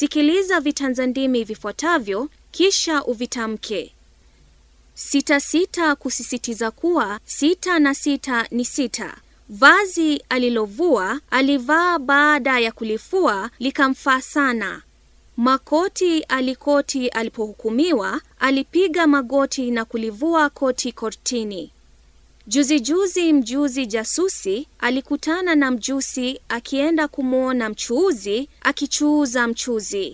Sikiliza vitanzandimi vifuatavyo kisha uvitamke. Sita sita, kusisitiza kuwa sita na sita ni sita. Vazi alilovua alivaa baada ya kulifua likamfaa sana. Makoti alikoti alipohukumiwa, alipiga magoti na kulivua koti kortini. Juzi juzi mjuzi jasusi alikutana na mjusi akienda kumwona mchuuzi akichuuza mchuzi.